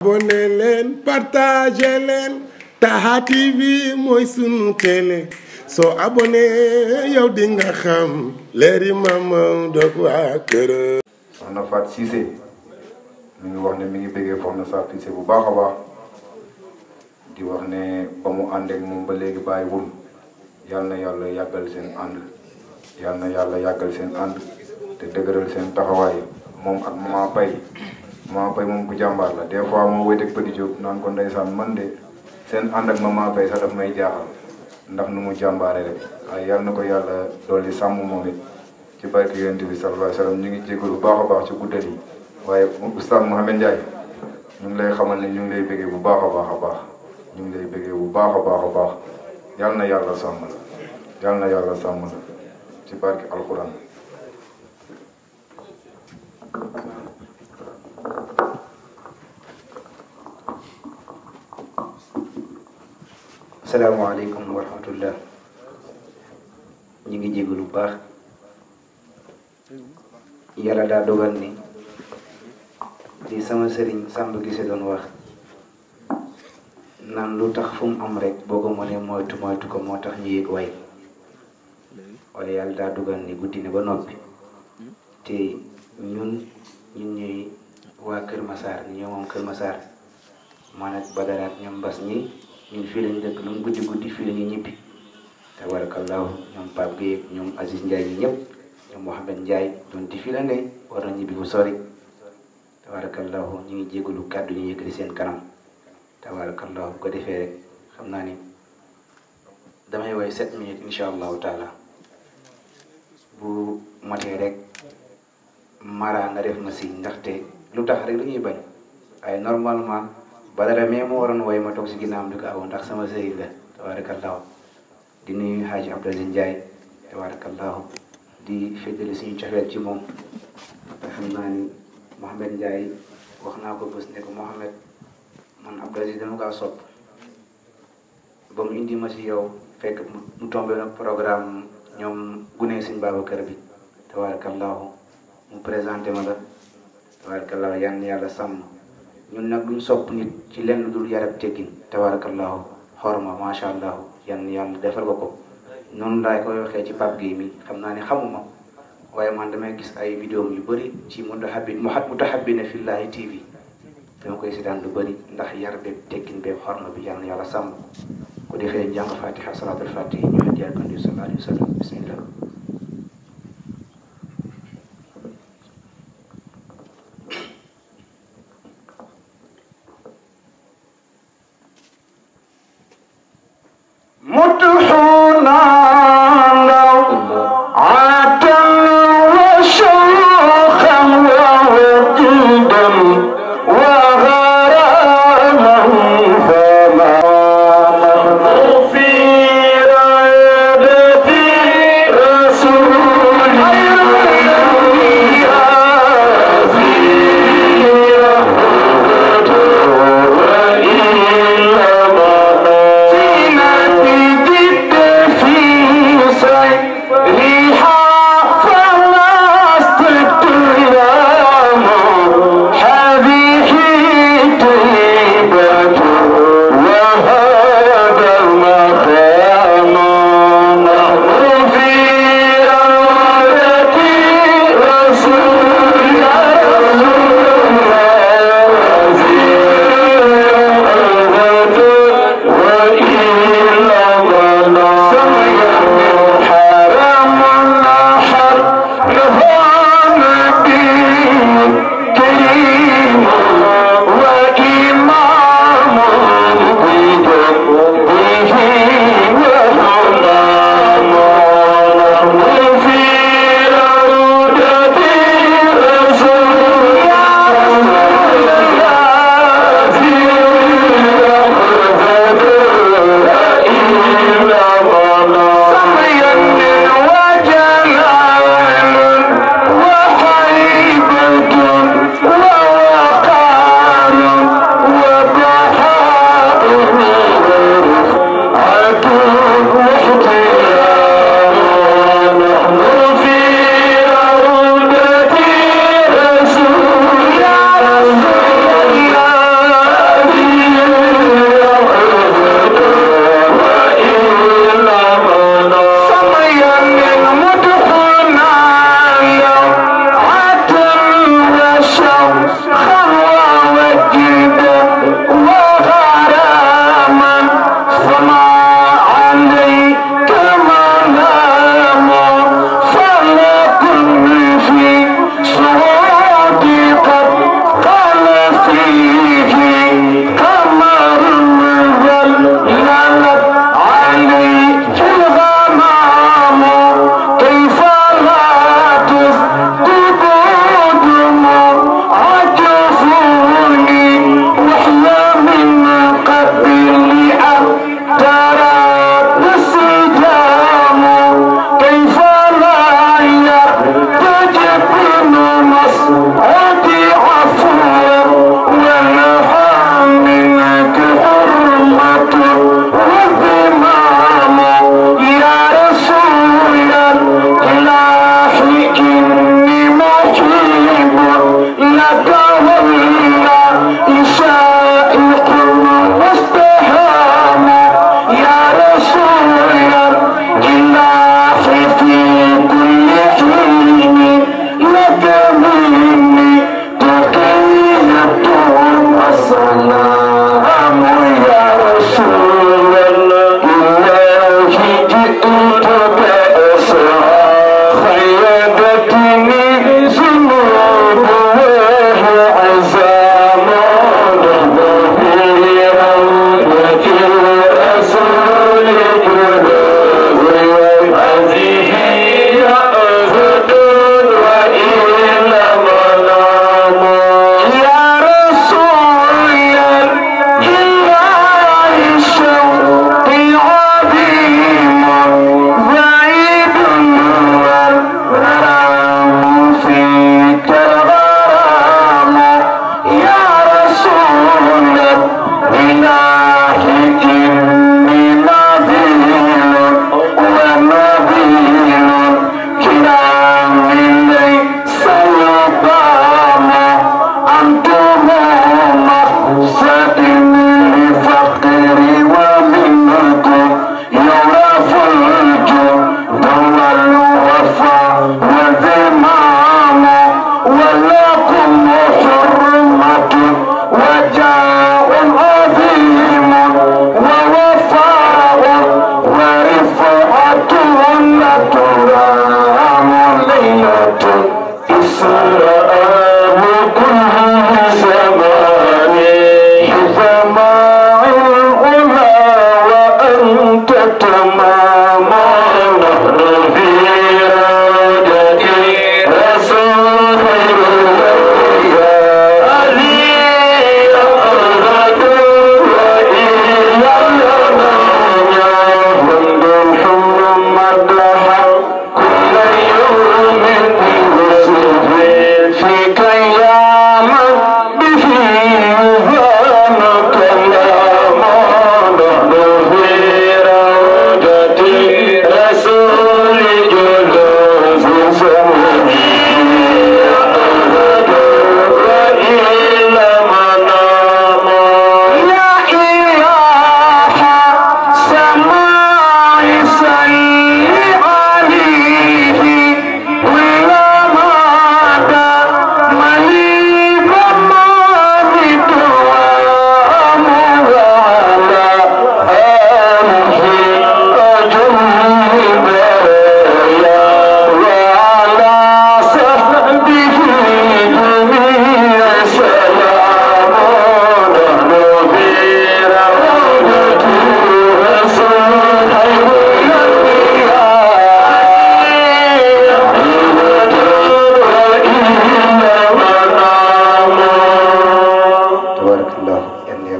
abonné leen partagé leen Taha TV mooy sunu télé soo abonné yow di nga xam leeri maam dog waa kër. soxna Fat Cissé mi ngi wax ne mi ngi bëggee soxna Fat Cissé bu baax a baax di wax ne ba mu ànd moom ba léegi bàyyiwul yal na yàlla yàggal seen ànd yal na yàlla yàggal seen ànd te dëgëral seen taxawaay moom ak maman Paye. maa fay moom ku jàmbaar la des fois moo wéyteeg Petit Diop kon ko ndeysaan man de seen ànd ak ma maa fay sax daf may jaaxal ndax nu mu jàmbaare rek waaye yal na ko yàlla yi sàmm moom it ci barke yonent bi sallallahu alayhi wasallam ñu ngi jégalu bu baax a baax ci guddal yi waaye oustaz Mouhamed Ndiaye ñu ngi lay xamal ni ñu ngi lay bëggee bu baax a baax a baax ñu ngi lay bëggee bu baax a baax a baax yal na yàlla sàmm la yal na yàlla sàmm la ci barke alquran salaamaaleykum wa rahmatullah ñu ngi jégalu lu baax yàlla daa dogal ni di sama sëriñ Samb Gise doon wax naan lu tax fu am rek boo ko mënee moytu moytu ko moo tax ñu yëg way wala yàlla daa dogal ni guddi na ba noppi te ñun ñun ñuy waa Kër Massar ñoo moom Kër Massar man ak Badara ak Mbas ñi. ñu fii lañu dëkk guddi guddi fii ñu ñibbi tabarakallahu ñoom Pape Gueye ñoom Aziz Ndiaye ñëpp ñoom Mouhamed Ndiaye doon di fii la ne war na ñibbi bu sori tabarakallahu ñu ngi jégalu kàddu ñu yëkkati seen kanam tabarakallahu bu xam naa ni damay woy sept minutes incha allahu taala bu matee rek mara nga def ma si ndaxte lu tax rek lu ñuy bañ waaye normalement Badara mais moo waroon woy ma toog si ginnaawam di ko awoon ndax sama sëriñ la tabaarakallaahu di nuyu Haji Abdou Aziz Ndiaye tabaarakallaahu di féddali suñu cofeel ci moom te xam naa ni Mouhamed Ndiaye wax naa ko bés ne ko Mouhamed man Abdou Aziz dama kaa sopp ba mu indi ma si yow fekk mu tombé nag programme ñoom gune suñ Babacar bi tabaarakallaahu mu présenté ma la tabaarakallaahu yal na yàlla sàmm ñun nag duñ sopp nit ci lenn lu dul yarab teggin tabaarakallaahu xorma macha allah yan yàlla defar ko ko noonu laay koy waxee ci Pape Gueye xam naa ni xamuma waaye man damay gis ay vidéo yu bëri ci mutahabbi mutahabbina fillahi TV dama koy seetaan lu bëri ndax yar beeg teggin beeg xorma bi yàlla yàlla sàmm ko defee jàng fatiha salaatul fatihi ñu xëj jaay kan di sallallahu alayhi wa sallam bismillah to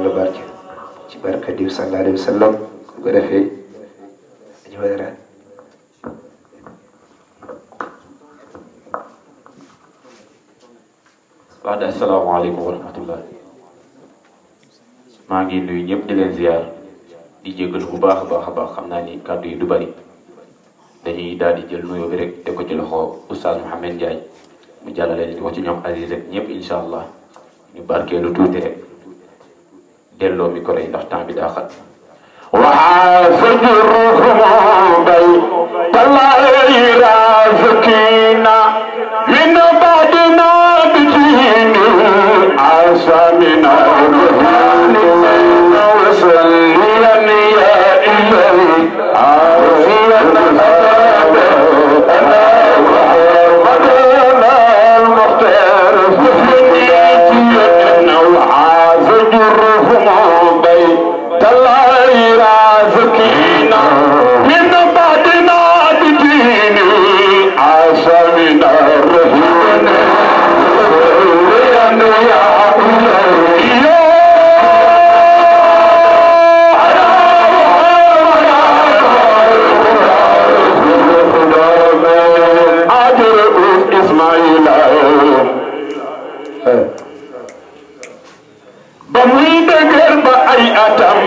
yàlla barke ci waa de asalaamaaleykum wa rahmatullah maa ngi nuyu ñëpp di leen ziar di jégalu bu baax a baax baax xam naa ni kàddu yi du bari dañuy daal di jël nuyoo bi rek te ko ci loxo oustaz Mouhamed Ndiaye mu jàllale ñoom Aziz ak ñëpp allah ñu barkeelu tuuti करे ईंदसि तव्हां बि दादा ba muy dëgër ba ay atam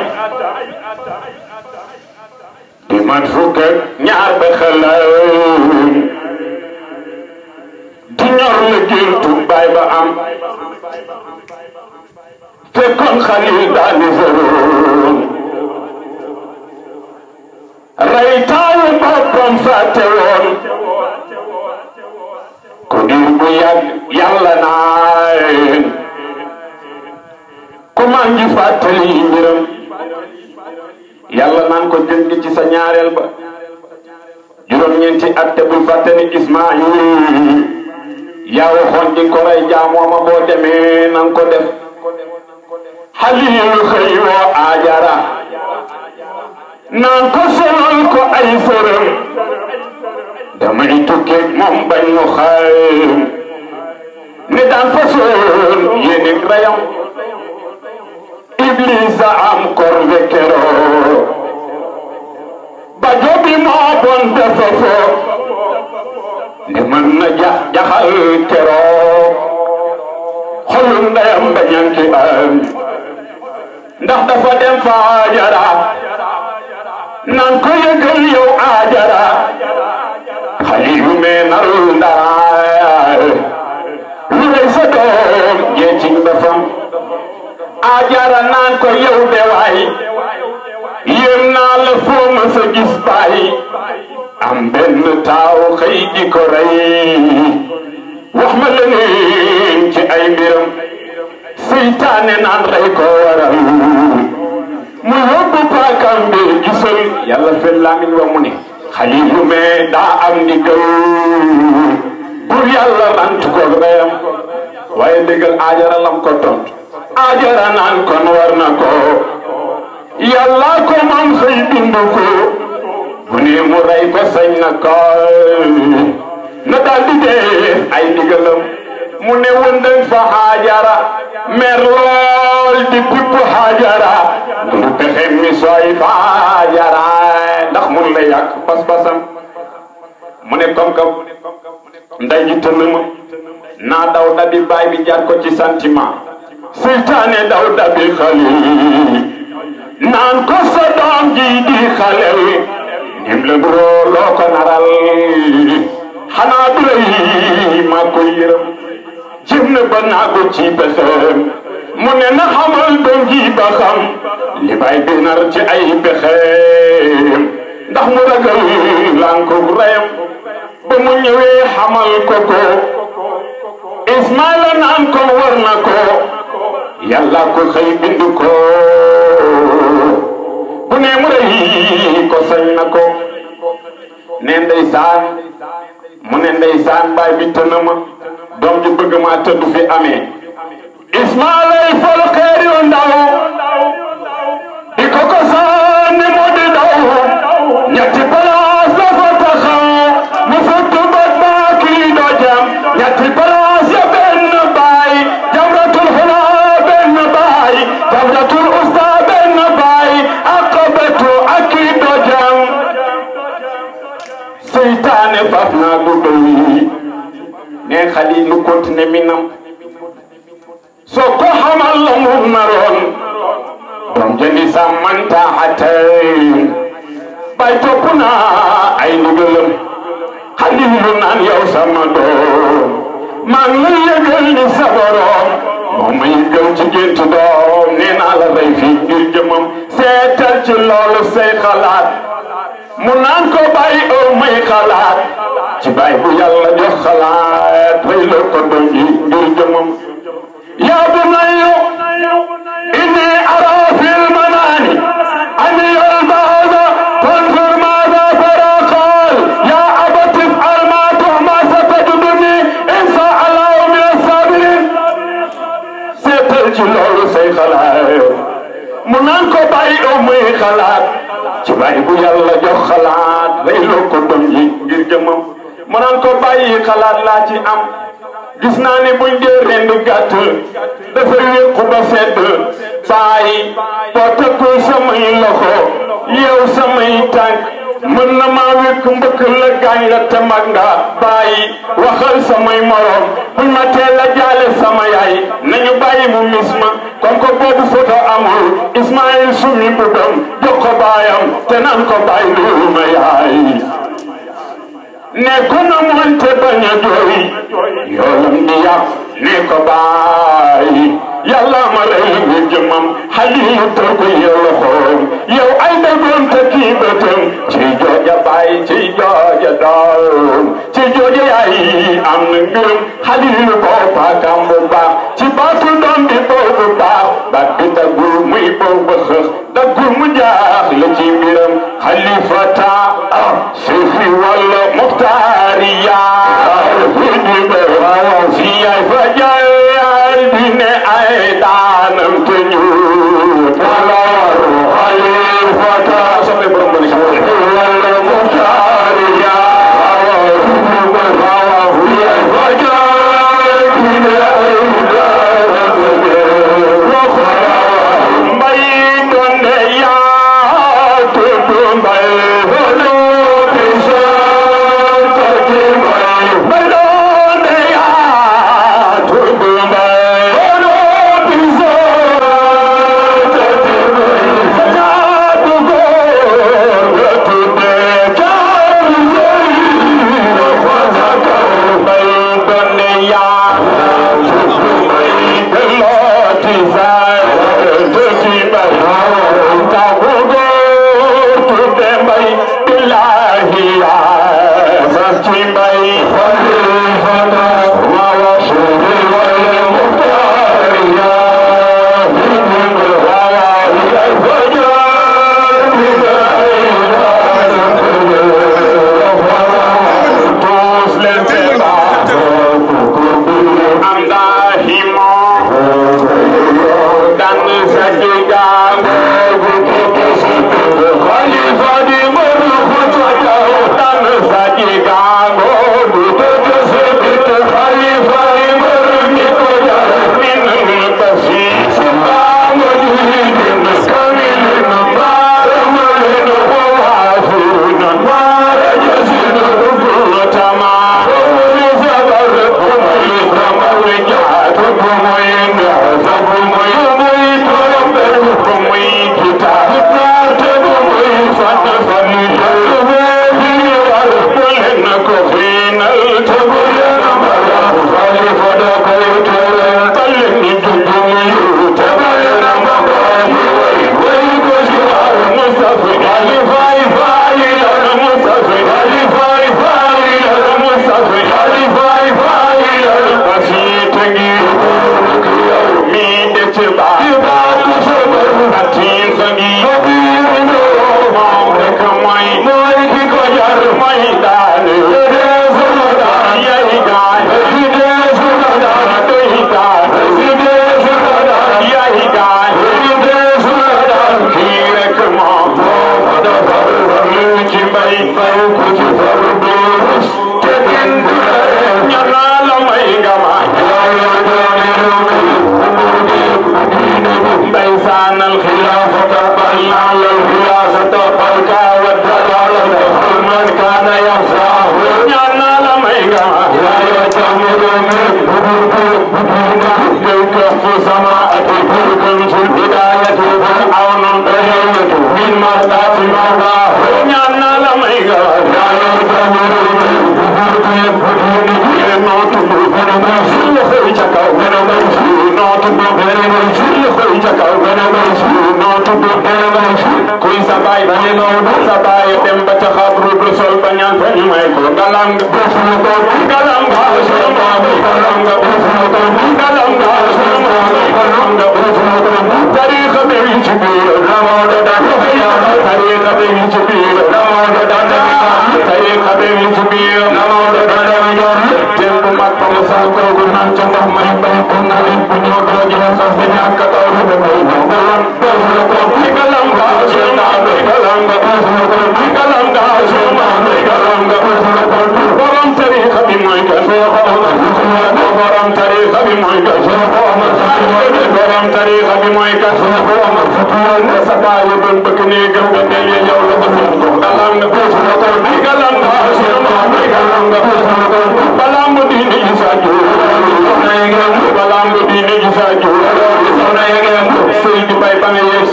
di man fukk ñaar ba xalaat di ñor la giltu baay ba am fekkoon xalil daani sëroon rey taawu boppam fàtte woon ku diir bu yàgg yàlla naay ku maa ngi fàttali yi mbiram yàlla naan ko jël ci sa ñaareel ba juróom-ñeenti at te bul fàtte ni Ismaayil yaa waxoon di ko jaamooma boo demee nan def xalilu xëy woo aajara naan ko solol damay tukkeeg moom bañ mu ne daan fa rayam iblisa ba jobi moo bon dafa foo ne mën na jax jaxal keroo xolum ndeyam bañan ki am ndax dafa dem fa ajara nan ko yëgal yow ajara xaliyu me nar ndara lu lay sa doom jeecin ba fam ajara naan ko yow de waay yéem la foo ma gis baay am benn taaw xëy di ko rey wax ma leneen ci ay mbiram seytaane naan rey ko waral mu yóbbu paakam bi gisal yàlla fel laamin wa mu ne xalilu mee daa am ndigal bur yàlla rant ko reyam waaye déggal aajara lam ko tontu ajara naan kon war na ko yàlla ko moom say bind ko bu ne mu rey ko sañ na ko na daal di dee ay ndigalam mu ne wëndëng fa xaajara mer lool di pipp xaajara lu pexe mi sooy fa xaajara ndax mun la yàq pas mu ne comme que nday ji tënn ma naa daw dabi baay bi jaar ko ci sentiment seytaane daw dabi xale yi naan ko sa doom ji di xale nim la duroo loo ko naral xanaa du la yi maa ko yërëm jëm na ba naagu mu ne na xamal doom ji xam li bay bi nar ci ay pexeem ndax mu ragal lànku reyam ba mu ñëwee xamal ko ko Ismaila naan ko war ko yàlla ko xëy bind ko bu ne mu rëy ko sañ na ko ne ndeysaan mu ne ndeysaan baay bi tënna ma doom ji bëgg maa tëdd fi amee ismailay fol xeeri o ndaw di ko ko sànni moo di daw ñetti seytaane faf naa lu doy ne xaliilu kontine minam soo ko xamal la mu naroon doom sa manta xatay bay topp naa ay ndigalam xaliilu naan yow sama doom maa ngi lay yëgal ni sa borom moom ma yëgal ci gént doom nee naa la rey fii ngir jëmam seetal ci loolu xalaat mu naan ko bàyyi oo may xalaat ci bàyyi bu yàlla jox xalaat may loo ko doon ji ngir jëmmam yaa bu nayu inni ara fil manaani ani yol baada fanzur maada fara qaal yaa abati if'al maa tuhmar satajiduni insha allahu min as-saabiriin seetal ci loolu say xalaat mu naan ko bàyyi oo may xalaat waaye bu yàlla jox xalaat lay loo ko doom ngir jëmmam mu naan ko bàyyi xalaat laa ci am gis naa ne buñ dee rend gàtt dafa wéqu ba sedd bàyyi boo tëkkul samay loxo yeew samay tànk mën na maa wékk la gaañ la te mag nga waxal samay moroom buñ ma teel la jaale sama yaay nañu bàyyi mu mis ma kon ko boobu foto amul Ismaïl sumi mbubam jox ko baayam te naan ko bàyyi loolu ne ko na moonte bañ a jooy yoolam di yàq ne ko bàyyi yàlla ma rey nga jëmam xalilu tër ko yee yow ay dagoon te kii bëtam jooja baay ci jooja doom ci jooja yaay am na mbirum xalil booba kam bu baax ci baatu doom bi boobu baax baat bi daggul muy boobu xëx daggul mu jaax la ci mbiram xalifata sufi wala muxtaariya fi di bawaaw fi yaay fa jaayal di ne ay daanam te ñu wala xalifata soppe borom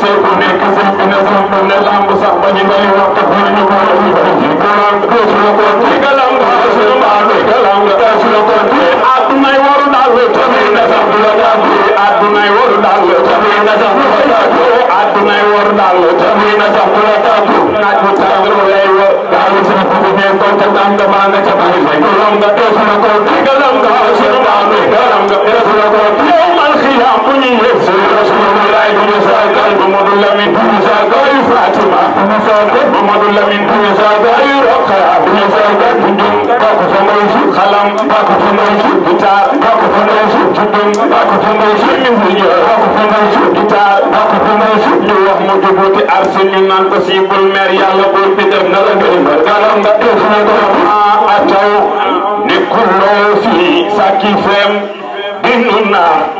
saytu ne kese ne sax ne lamb sax ba ñu koy wax te xool ñu xool ñu bëri ci galam deesu la ko ci galam deesu la ko ci galam deesu la ko ci àddunay waru daal la tamit ne sax du la jàpp àddunay waru daal la tamit ne sax du la jàpp àddunay waru daal la tamit ne sax du la jàpp naaj bu tàng lay wër daal sa ko bu ne ko te tàng ma nga ca bari galam deesu la ko ci galam deesu la ko ci galam deesu la ko Thank you, fam. Been on now.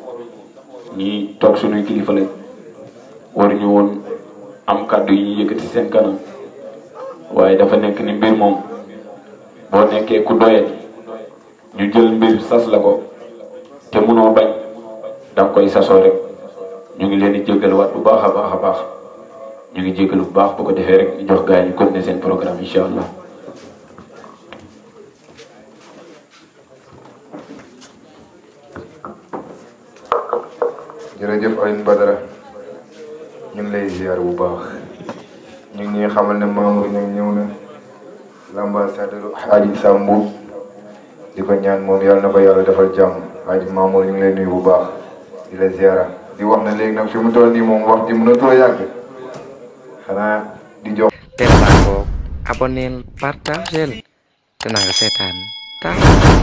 ñi toog suñuy kilifa lañ waruñu woon am kàddu yi ñu yëkkati seen kanam waaye dafa nekk ni mbir moom boo nekkee ku doye ñu jël mbir sas la ko te mënoo bañ danga koy sasoo rek ñu ngi leen di jégal waat bu baax a baax a baax ñu ngi jégal bu baax bu ko defee rek ñu jox gaa yi ñu continuer seen programme incha allah jërëjëf Alioune Badara ñu lay ziar bu baax ñu ñi xamal ne membre ñoom ñew na l'ambassadeur Hadji Sambou di ko ñaan moom yalla na ko yàlla defal jàmm haji Mamour ñu lay nuyu bu baax di la ziarra di wax na leg nak fi mu toll nii moom wax di mëna to yagg xana di jox. te ko partageel te na nga seetaan